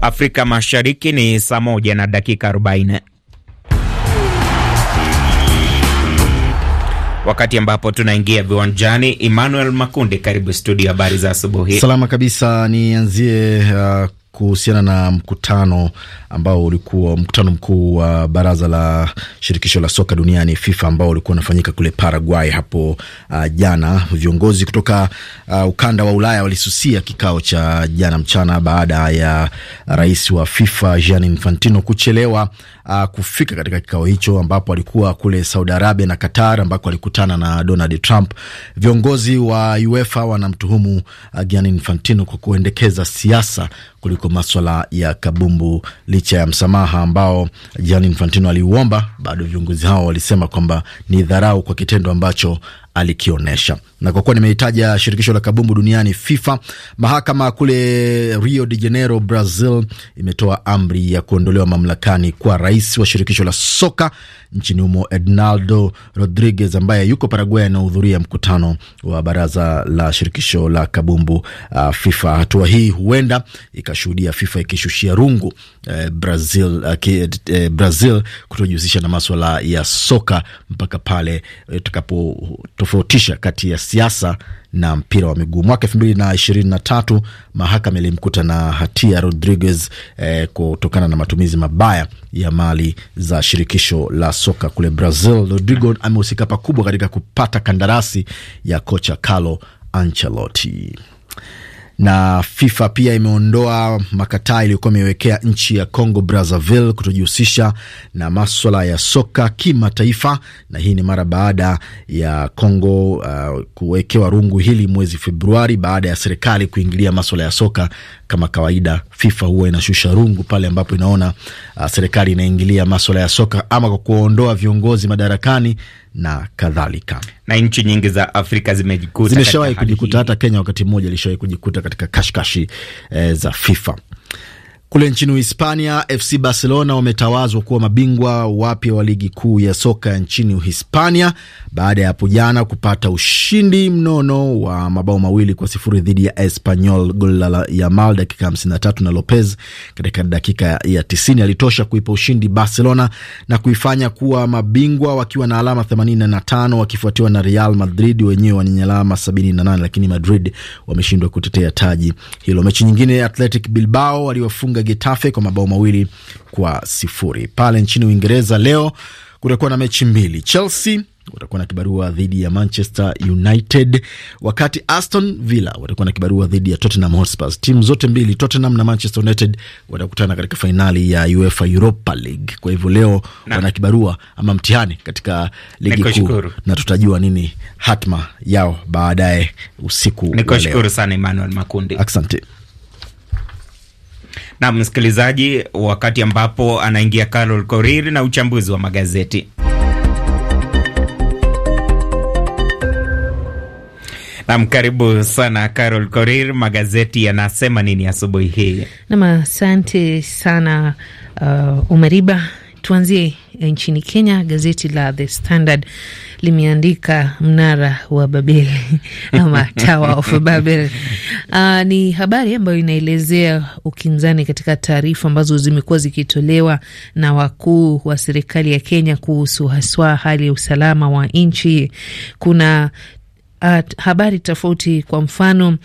Afrika Mashariki ni saa moja na dakika 40. Wakati ambapo tunaingia viwanjani, Emmanuel Makundi, karibu studio. Habari za asubuhi. Salama kabisa, nianzie uh, kuhusiana na mkutano ambao ulikuwa mkutano mkuu wa baraza la shirikisho la soka duniani FIFA ambao ulikuwa unafanyika kule Paraguay hapo uh, jana. Viongozi kutoka uh, ukanda wa Ulaya walisusia kikao cha jana mchana baada ya rais wa FIFA Gianni Infantino kuchelewa uh, kufika katika kikao hicho ambapo alikuwa kule Saudi Arabia na Qatar ambako alikutana na Donald Trump. Viongozi wa UEFA wanamtuhumu uh, Gianni Infantino kwa kuendekeza siasa kuliko maswala ya kabumbu. Licha ya msamaha ambao Gianni Infantino aliuomba, bado viongozi hao walisema kwamba ni dharau kwa kitendo ambacho alikionyesha. Na kwa kuwa nimehitaja shirikisho la kabumbu duniani FIFA, mahakama kule Rio de Janeiro, Brazil, imetoa amri ya kuondolewa mamlakani kwa rais wa shirikisho la soka nchini humo Ednaldo Rodriguez ambaye yuko Paraguay anahudhuria mkutano wa baraza la shirikisho la kabumbu uh, FIFA. Hatua hii huenda ikashuhudia FIFA ikishushia rungu eh, Brazil, uh, eh, Brazil kutojihusisha na maswala ya soka mpaka pale itakapotofautisha eh, kati ya siasa na mpira wa miguu. Mwaka elfu mbili na ishirini na tatu mahakama ilimkuta na hatia Rodriguez eh, kutokana na matumizi mabaya ya mali za shirikisho la soka kule Brazil. Rodrigo amehusika pakubwa katika kupata kandarasi ya kocha Carlo Ancelotti na FIFA pia imeondoa makataa iliyokuwa imewekea nchi ya Congo Brazzaville kutojihusisha na maswala ya soka kimataifa, na hii ni mara baada ya Congo uh, kuwekewa rungu hili mwezi Februari baada ya serikali kuingilia maswala ya soka kama kawaida FIFA huwa inashusha rungu pale ambapo inaona uh, serikali inaingilia maswala ya soka ama kwa kuondoa viongozi madarakani na kadhalika. Na nchi nyingi za Afrika zimejikuta, zimeshawahi kujikuta, hata Kenya wakati mmoja ilishawahi kujikuta katika kashkashi eh, za FIFA. Kule nchini Uhispania, FC Barcelona wametawazwa kuwa mabingwa wapya wa ligi kuu ya soka nchini Uhispania baada ya hapo jana kupata ushindi mnono wa mabao mawili kwa sifuri dhidi ya Espanyol. Goli la Yamal dakika 53 na Lopez katika dakika ya 90 alitosha kuipa ushindi Barcelona na kuifanya kuwa mabingwa wakiwa na alama 85 wakifuatiwa na Real Madrid wenyewe wenye alama 78, lakini Madrid wameshindwa kutetea taji hilo. Mechi nyingine Athletic Bilbao waliofunga Getafe kwa mabao mawili kwa sifuri. Pale nchini Uingereza leo kutakuwa na mechi mbili. Chelsea watakuwa na kibarua dhidi ya Manchester United, wakati Aston Villa watakuwa na kibarua dhidi ya Tottenham Hotspur. Timu zote mbili, Tottenham na Manchester United, watakutana katika fainali ya UEFA Europa League. Kwa hivyo leo na wana kibarua ama mtihani katika ligi kuu, na tutajua nini hatma yao baadaye usiku. Nikushukuru sana Emmanuel Makundi, asante. Na msikilizaji, wakati ambapo anaingia Carol Korir na uchambuzi wa magazeti. Nam, karibu sana Carol Korir. Magazeti yanasema nini asubuhi hii? Nam, asante sana uh, Umariba Tuanzie eh, nchini Kenya. Gazeti la The Standard limeandika mnara wa Babel ama Tower of Babel. Uh, ni habari ambayo inaelezea ukinzani katika taarifa ambazo zimekuwa zikitolewa na wakuu wa serikali ya Kenya kuhusu haswa hali ya usalama wa nchi. Kuna at ah, habari tofauti. Kwa mfano uh,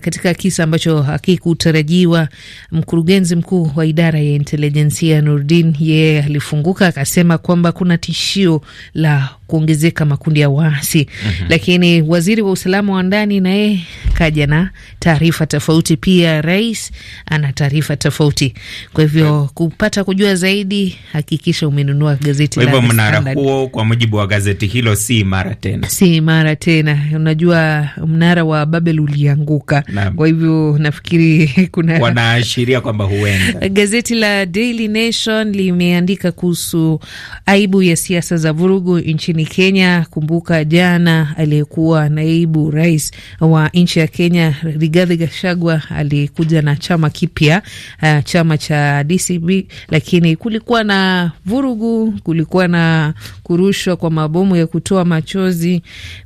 katika kisa ambacho hakikutarajiwa, mkurugenzi mkuu wa idara ya intelijensia Nurdin yeye alifunguka akasema kwamba kuna tishio la kuongezeka makundi ya waasi mm -hmm. Lakini waziri wa usalama wa ndani naye kaja na taarifa tofauti, pia rais ana taarifa tofauti. Kwa hivyo eh. kupata kujua zaidi, hakikisha umenunua gazeti la mnara huo. Kwa mujibu wa gazeti hilo, si imara tena, si imara tena. Unajua mnara wa Babel ulianguka, na, kwa hivyo nafikiri kuna wanaashiria kwamba huenda gazeti la Daily Nation limeandika kuhusu aibu ya siasa za vurugu nchini nchini Kenya. Kumbuka jana aliyekuwa naibu rais wa nchi ya Kenya Rigathi Gachagua alikuja na chama kipya, uh, chama cha DCB, lakini kulikuwa na vurugu, kulikuwa na kurushwa kwa mabomu ya kutoa machozi.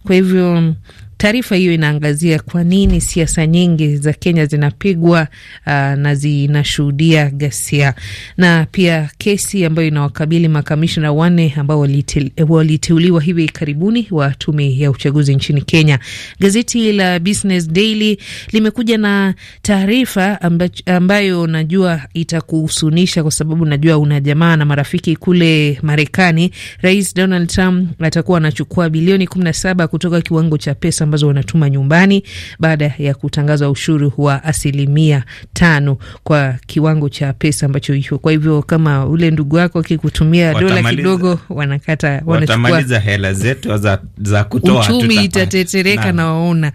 Kwa hivyo Taarifa hiyo inaangazia kwa nini siasa nyingi za Kenya zinapigwa uh, na zinashuhudia ghasia na pia kesi ambayo inawakabili makamishna wanne ambao waliteuliwa hivi karibuni wa tume ya uchaguzi nchini Kenya. Gazeti la Business Daily limekuja na taarifa ambayo najua itakuhusunisha kwa sababu najua una jamaa na marafiki kule Marekani. Rais Donald Trump atakuwa anachukua bilioni 17 kutoka kiwango cha pesa ambazo wanatuma nyumbani baada ya kutangazwa ushuru wa asilimia tano kwa kiwango cha pesa ambacho hicho. Kwa hivyo kama ule ndugu wako akikutumia dola kidogo, wanakata wanachukua hela zetu za, za kutoa, uchumi itatetereka. Na waona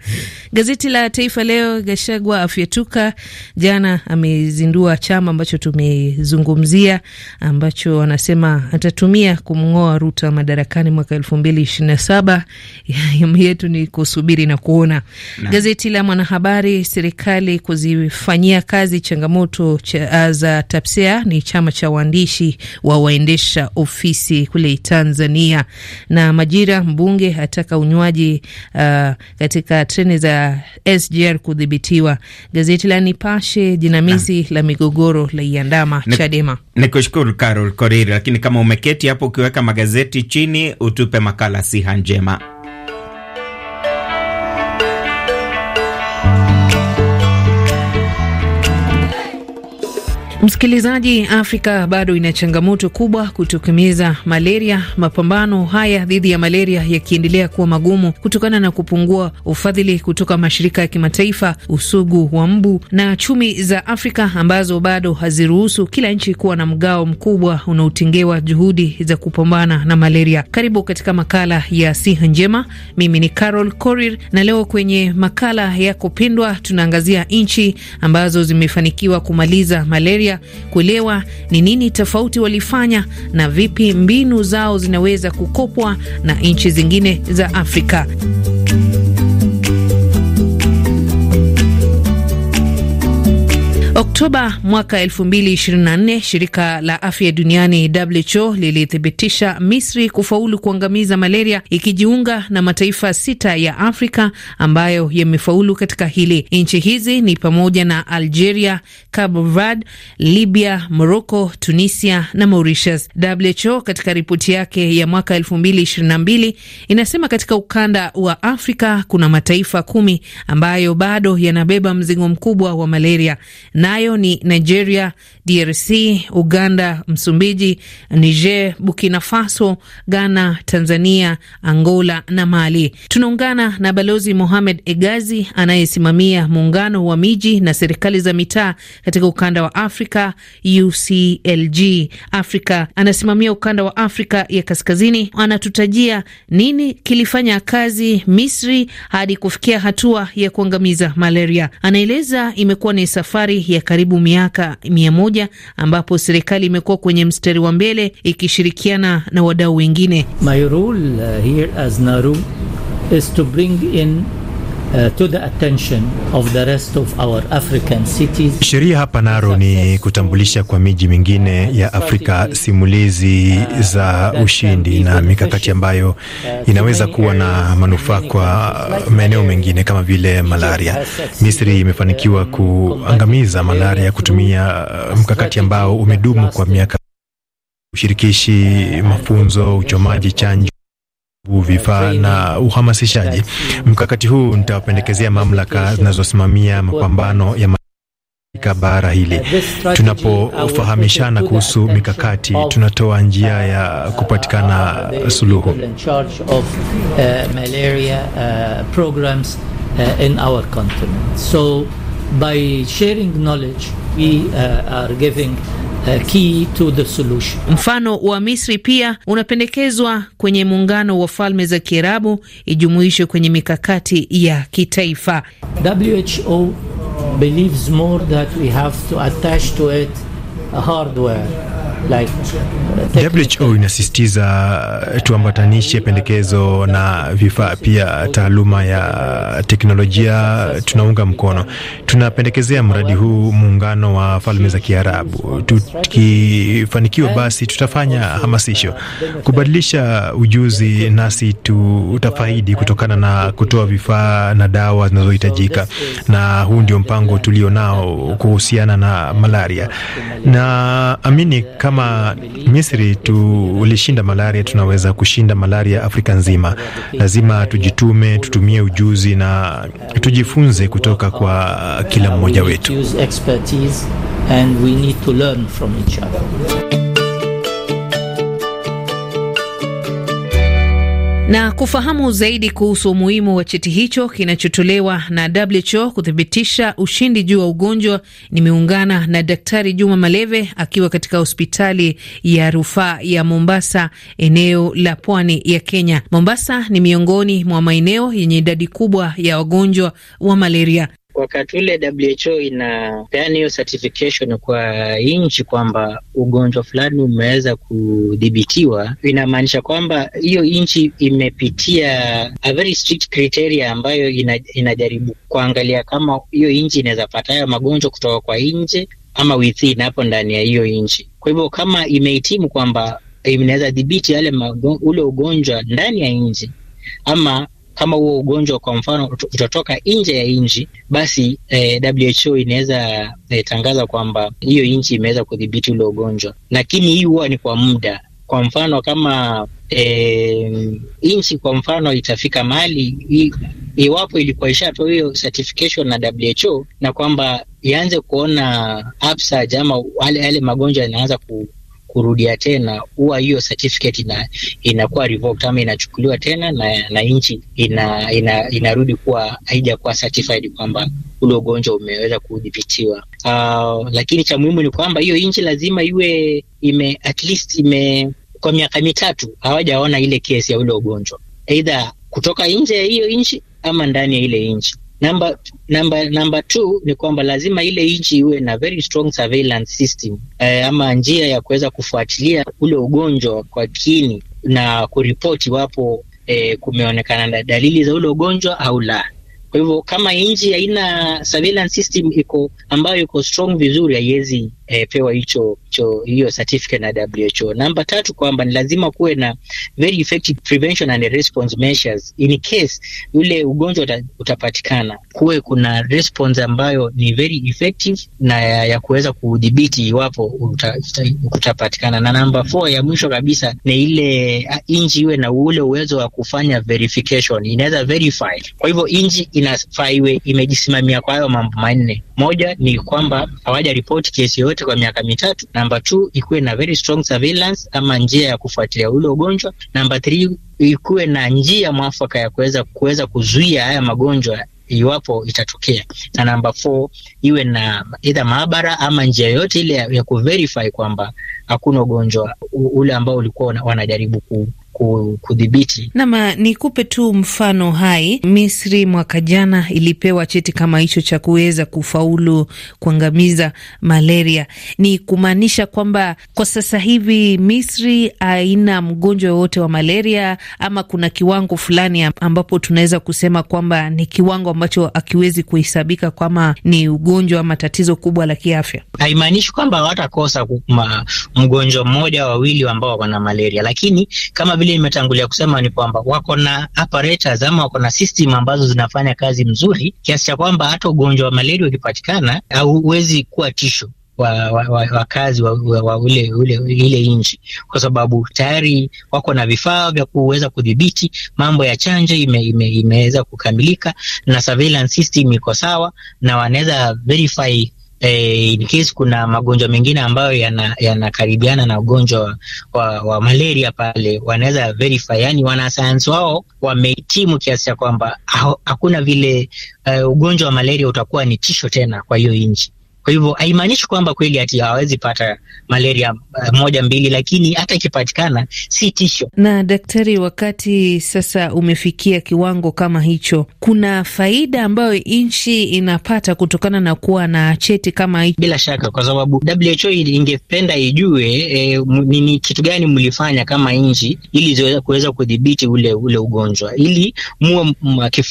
gazeti la Taifa Leo, Gashagwa afyetuka jana amezindua chama ambacho tumezungumzia ambacho anasema atatumia kumng'oa Ruto madarakani mwaka elfu mbili ishirini na saba. Yetu ni kusubiri kusubiri na kuona na. Gazeti la Mwanahabari, serikali kuzifanyia kazi changamoto cha ah, za TAPSEA ni chama cha waandishi wa waendesha ofisi kule Tanzania. Na Majira, mbunge ataka unywaji uh, katika treni za SGR kudhibitiwa. Gazeti la Nipashe, jinamizi na. la migogoro la iandama Chadema. Nikushukuru Carol Koriri, lakini kama umeketi hapo ukiweka magazeti chini utupe makala siha njema. Msikilizaji, Afrika bado ina changamoto kubwa kutokomeza malaria, mapambano haya dhidi ya malaria yakiendelea kuwa magumu kutokana na kupungua ufadhili kutoka mashirika ya kimataifa, usugu wa mbu na chumi za Afrika ambazo bado haziruhusu kila nchi kuwa na mgao mkubwa unaotengewa juhudi za kupambana na malaria. Karibu katika makala ya Siha Njema. Mimi ni Carol Korir, na leo kwenye makala yako pindwa tunaangazia nchi ambazo zimefanikiwa kumaliza malaria kuelewa ni nini tofauti walifanya na vipi mbinu zao zinaweza kukopwa na nchi zingine za Afrika. Oktoba mwaka 2024 shirika la afya duniani WHO lilithibitisha Misri kufaulu kuangamiza malaria ikijiunga na mataifa sita ya Afrika ambayo yamefaulu katika hili. Nchi hizi ni pamoja na Algeria, Cabo Verde, Libya, Morocco, Tunisia na Mauritius. WHO katika ripoti yake ya mwaka 2022 inasema katika ukanda wa Afrika kuna mataifa kumi ambayo bado yanabeba mzigo mkubwa wa malaria na nayo ni Nigeria, DRC, Uganda, Msumbiji, Niger, Burkina Faso, Ghana, Tanzania, Angola na Mali. Tunaungana na Balozi Mohamed Egazi anayesimamia muungano wa miji na serikali za mitaa katika ukanda wa Afrika, UCLG Africa. Anasimamia ukanda wa Afrika ya kaskazini, anatutajia nini kilifanya kazi Misri hadi kufikia hatua ya kuangamiza malaria. Anaeleza imekuwa ni safari ya ya karibu miaka mia moja ambapo serikali imekuwa kwenye mstari wa mbele ikishirikiana na wadau wengine. My role uh, here as is to bring in Uh, Sheria hapa naro ni kutambulisha kwa miji mingine ya Afrika uh, simulizi za ushindi na mikakati ambayo uh, inaweza kuwa na manufaa kwa maeneo mengine kama vile malaria. Misri imefanikiwa kuangamiza malaria kutumia mkakati ambao umedumu kwa miaka, ushirikishi, mafunzo, uchomaji chanjo vifaa na uhamasishaji. Mkakati huu nitawapendekezea mamlaka zinazosimamia mapambano ya bara hili. Tunapofahamishana kuhusu mikakati, tunatoa njia ya kupatikana suluhu key to the solution. Mfano wa Misri pia unapendekezwa kwenye muungano wa falme za Kiarabu ijumuishwe kwenye mikakati ya kitaifa. WHO believes more that we have to attach to it hardware like, WHO inasisitiza eh, tuambatanishe pendekezo na vifaa, pia taaluma ya teknolojia tunaunga mkono. Tunapendekezea mradi huu muungano wa falme za Kiarabu. Tukifanikiwa basi, tutafanya hamasisho kubadilisha ujuzi, nasi tutafaidi kutokana na kutoa vifaa na dawa zinazohitajika, na huu ndio mpango tulionao kuhusiana na malaria na amini kama kama Misri tulishinda malaria, tunaweza kushinda malaria Afrika nzima. Lazima tujitume, tutumie ujuzi na tujifunze kutoka kwa kila mmoja wetu. Na kufahamu zaidi kuhusu umuhimu wa cheti hicho kinachotolewa na WHO kuthibitisha ushindi juu wa ugonjwa, nimeungana na Daktari Juma Maleve akiwa katika hospitali ya rufaa ya Mombasa, eneo la pwani ya Kenya. Mombasa ni miongoni mwa maeneo yenye idadi kubwa ya wagonjwa wa malaria wakati ule WHO inapeana hiyo certification kwa nchi kwamba ugonjwa fulani umeweza kudhibitiwa, inamaanisha kwamba hiyo nchi imepitia a very strict criteria ambayo ina, inajaribu kuangalia kama hiyo nchi inaweza pata hayo magonjwa kutoka kwa nje ama within hapo ndani ya hiyo nchi. Kwa hivyo kama imehitimu kwamba inaweza dhibiti yale ule ugonjwa ndani ya nchi ama kama huo ugonjwa kwa mfano utatoka nje ya nchi, basi eh, WHO inaweza eh, tangaza kwamba hiyo nchi imeweza kudhibiti ule ugonjwa, lakini hii huwa ni kwa muda. Kwa mfano kama eh, nchi kwa mfano itafika mahali iwapo ilikuwa ishatoa hiyo certification na WHO na kwamba ianze kuona apsa ama yale magonjwa yanaanza kurudia tena, huwa hiyo certificate ina, inakuwa revoked ama inachukuliwa tena na, na nchi ina, ina, inarudi kuwa haijakuwa certified kwamba ule ugonjwa umeweza kudhibitiwa. Uh, lakini cha muhimu ni kwamba hiyo nchi lazima iwe ime at least ime kwa miaka mitatu hawajaona ile kesi ya ule ugonjwa, aidha kutoka nje ya hiyo nchi ama ndani ya ile nchi. Namba, namba, two ni kwamba lazima ile nchi iwe na very strong surveillance system eh, ama njia ya kuweza kufuatilia ule ugonjwa kwa kini na kuripoti iwapo e, eh, kumeonekana na dalili za ule ugonjwa au la. Kwa hivyo kama nchi haina surveillance system iko ambayo iko strong vizuri, haiwezi eh, pewa hicho hiyo certificate na WHO. Namba tatu kwamba ni lazima kuwe na very effective prevention and response measures in case yule ugonjwa utapatikana, kuwe kuna response ambayo ni very effective na ya, ya kuweza kudhibiti iwapo utapatikana. Na namba four ya mwisho kabisa ni ile ah, inji iwe na ule uwezo wa kufanya verification, inaweza verify. Kwa hivyo inji inafaa iwe imejisimamia kwa hayo mambo manne. Moja ni kwamba hawaja ripoti kesi yoyote kwa miaka mitatu. Namba two, ikuwe na very strong surveillance ama njia ya kufuatilia ule ugonjwa. Namba three, ikuwe na njia mwafaka ya kuweza kuweza kuzuia haya magonjwa iwapo itatokea, na namba fo iwe na either maabara ama njia yoyote ile ya, ya kuverify kwamba hakuna ugonjwa ule ambao ulikuwa wanajaribu ku kudhibiti. ni ah, nikupe tu mfano hai, Misri mwaka jana ilipewa cheti kama hicho cha kuweza kufaulu kuangamiza malaria. Ni kumaanisha kwamba kwa sasa hivi Misri haina mgonjwa wowote wa malaria, ama kuna kiwango fulani ambapo tunaweza kusema kwamba ni kiwango ambacho akiwezi kuhesabika kama ni ugonjwa ama tatizo kubwa la kiafya. Haimaanishi kwamba watakosa mgonjwa mmoja wawili ambao wana malaria, lakini kama vile nimetangulia kusema ni kwamba wako na apparatus ama wako na system ambazo zinafanya kazi mzuri kiasi cha kwamba hata ugonjwa wa malaria ukipatikana hauwezi kuwa tisho wakazi wa, wa, wa, wa, wa ule, ule, ile nchi kwa sababu tayari wako na vifaa vya kuweza kudhibiti. Mambo ya chanjo ime, ime, imeweza kukamilika na surveillance system iko sawa, na wanaweza verify E, in case kuna magonjwa mengine ambayo yanakaribiana yana na ugonjwa wa, wa malaria pale, wanaweza verify, yani wanasayansi wao wamehitimu kiasi cha kwamba hakuna vile uh, ugonjwa wa malaria utakuwa ni tisho tena kwa hiyo nchi. Kwa hivyo haimaanishi kwamba kweli ati hawawezi pata malaria uh, moja mbili, lakini hata ikipatikana si tisho. Na daktari, wakati sasa umefikia kiwango kama hicho, kuna faida ambayo nchi inapata kutokana na kuwa na cheti kama hicho? Bila shaka, kwa sababu WHO ingependa ijue e, ni kitu gani mlifanya kama nchi ili kuweza kudhibiti ule ule ugonjwa, ili muwe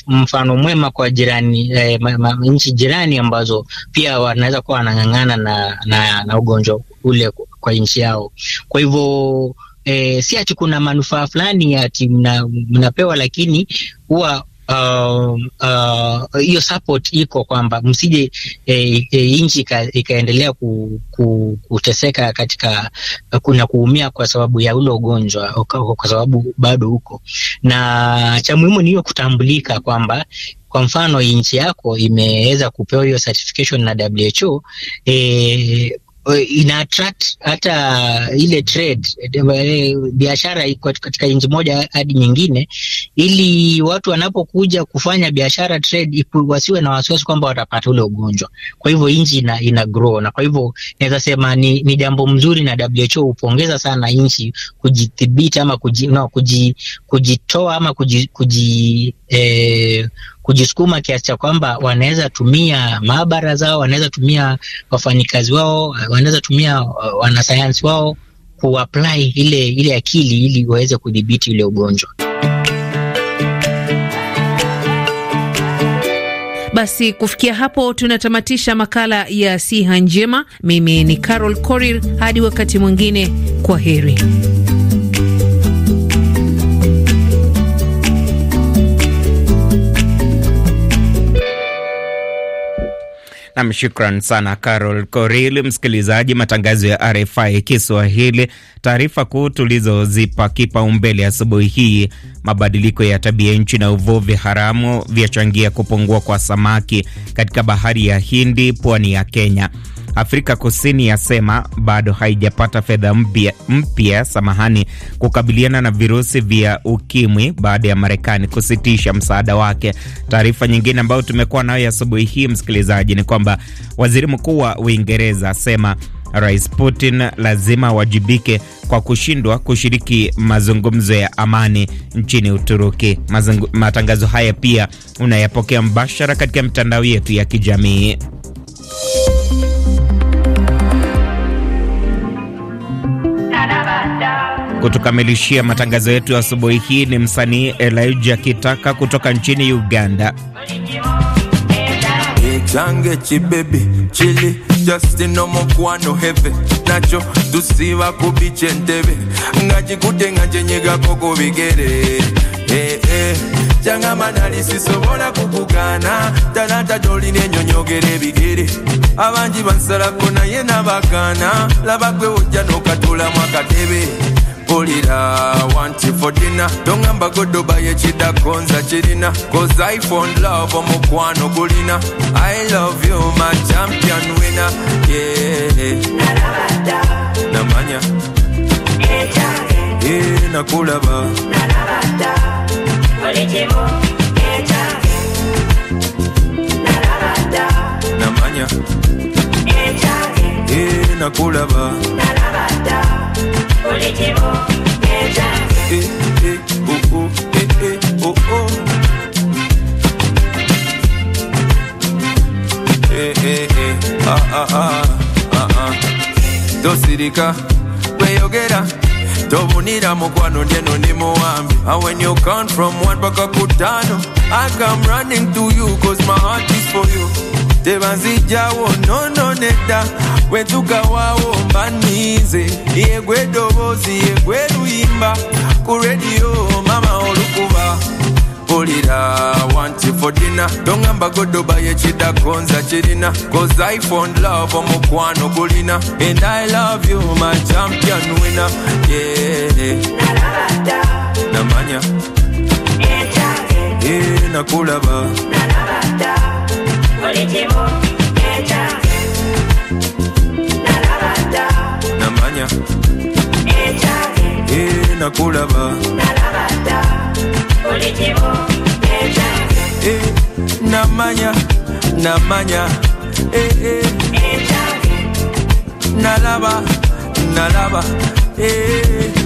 mfano mwema kwa jirani e, eh, nchi jirani ambazo pia wanaweza wako wanang'ang'ana na, na, na ugonjwa ule kwa nchi yao. Kwa hivyo e, si ati kuna manufaa fulani ati mna, mnapewa, lakini huwa Um, uh, hiyo uh, uh, support iko kwamba msije eh, eh, nchi ikaendelea ku, ku, kuteseka katika kuna kuumia kwa sababu ya ule ugonjwa, kwa sababu bado huko, na cha muhimu ni hiyo kutambulika kwamba kwa mfano nchi yako imeweza kupewa hiyo certification na WHO eh, Eh, ina attract hata ile trade eh, biashara katika nchi moja hadi nyingine, ili watu wanapokuja kufanya biashara trade wasiwe na wasiwasi kwamba watapata ule ugonjwa. Kwa hivyo nchi ina, ina grow na kwa hivyo naweza sema ni, ni jambo mzuri, na WHO hupongeza sana nchi kujithibiti ama kuji, no, kuji, kujitoa ama kuji, kuji eh, kujisukuma kiasi cha kwamba wanaweza tumia maabara zao, wanaweza tumia wafanyikazi wao, wanaweza tumia uh, wanasayansi wao kuapply ile, ile akili ili waweze kudhibiti ule ugonjwa. Basi kufikia hapo tunatamatisha makala ya siha njema. Mimi ni Carol Korir, hadi wakati mwingine, kwa heri. Nam, shukran sana Carol Koril. Msikilizaji, matangazo ya RFI Kiswahili, taarifa kuu tulizozipa kipaumbele asubuhi hii: mabadiliko ya tabia nchi na uvuvi haramu vyachangia kupungua kwa samaki katika bahari ya Hindi, pwani ya Kenya. Afrika Kusini yasema bado haijapata fedha mpya mpya, samahani, kukabiliana na virusi vya ukimwi baada ya Marekani kusitisha msaada wake. Taarifa nyingine ambayo tumekuwa nayo asubuhi hii, msikilizaji, ni kwamba waziri mkuu wa Uingereza asema Rais Putin lazima awajibike kwa kushindwa kushiriki mazungumzo ya amani nchini Uturuki. Mazungu, matangazo haya pia unayapokea mbashara katika mitandao yetu ya kijamii. Kutukamilishia matangazo yetu ya asubuhi hii ni msanii Elijah Kitaka kutoka nchini Uganda. Change chibebi chili justi nomokwano heve nacho tusiba kubiche ntebe ngakikute nga njenyegako ku bigere eh, eh. changa manali sisobola kukugana talanta tolina enyonyogera ebigere abangi bansalako naye nabagana labagwe wojja n'okatulamu akatebe mpulira wanti for dina tongamba godoba yekidakonza kirina cause i fond love omukwano gulina i love you my champion winner yeah. namanya yeah, eh, nakulaba namanya yeah, eh, nakulaba tosirika kweyogera tobunira mukwano ndeno ndi muwambi and when you count from one paka kutano i come running to you cause my heart is for you tebanzijawo nono nedda wetugawawo mbanize yegwedobozi yegweluyimba ku rediyo mama olukuba mpulira wanti fodina tongamba godoba yekidakonza kirina koza ifon love omukwano gulina and i love you my champion wina ye namanya e nakulaba namanya eta namanya namanya e e eta nalaba nalaba e, e.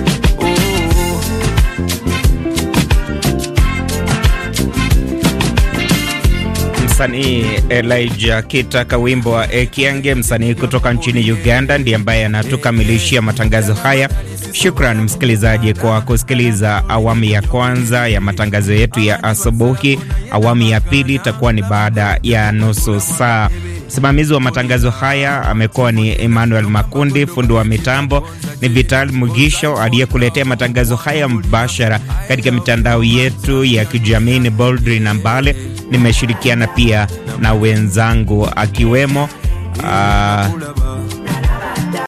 msanii Elijah kitaka wimbo wa Ekiange, msanii kutoka nchini Uganda, ndiye ambaye anatukamilishia matangazo haya. Shukran msikilizaji kwa kusikiliza awamu ya kwanza ya matangazo yetu ya asubuhi. Awamu ya pili itakuwa ni baada ya nusu saa. Msimamizi wa matangazo haya amekuwa ni Emmanuel Makundi, fundi wa mitambo ni Vital Mugisho, aliyekuletea matangazo haya mbashara katika mitandao yetu ya kijamii ni Boldri na Mbale nimeshirikiana pia na wenzangu akiwemo uh,